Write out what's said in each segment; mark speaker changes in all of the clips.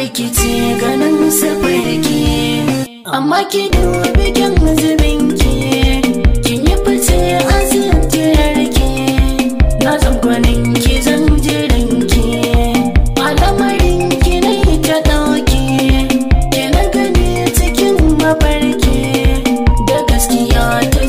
Speaker 1: rikice ganin safarki amma ki dubi kyan zubin ki kin yi fice a zintirar ki na tsammanin ki zan jiran ki al'amarin ki na yi ta ɗauki ki na gani cikin mafarki da gaskiya ta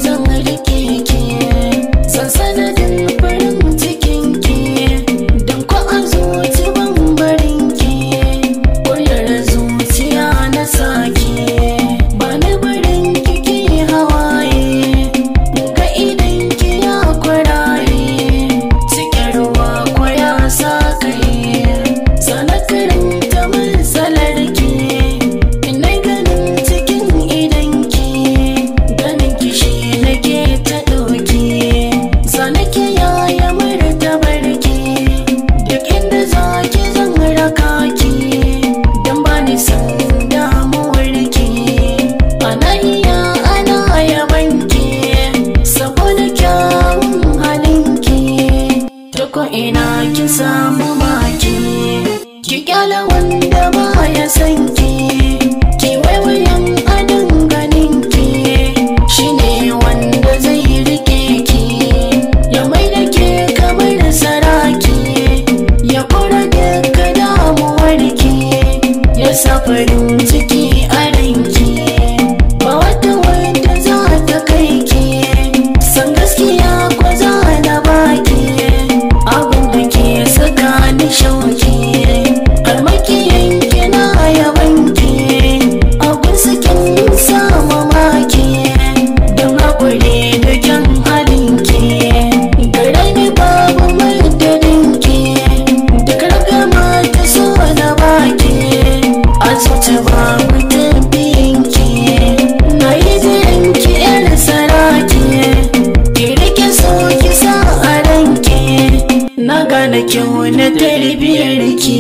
Speaker 1: samu baki ki kyala wanda ba ya san ki ki waiwayen adon ganin ki shine wanda zai rike ki ya mai da ke kamar saraki ya kura ka damuwar ki ya safarin mana kyau na ki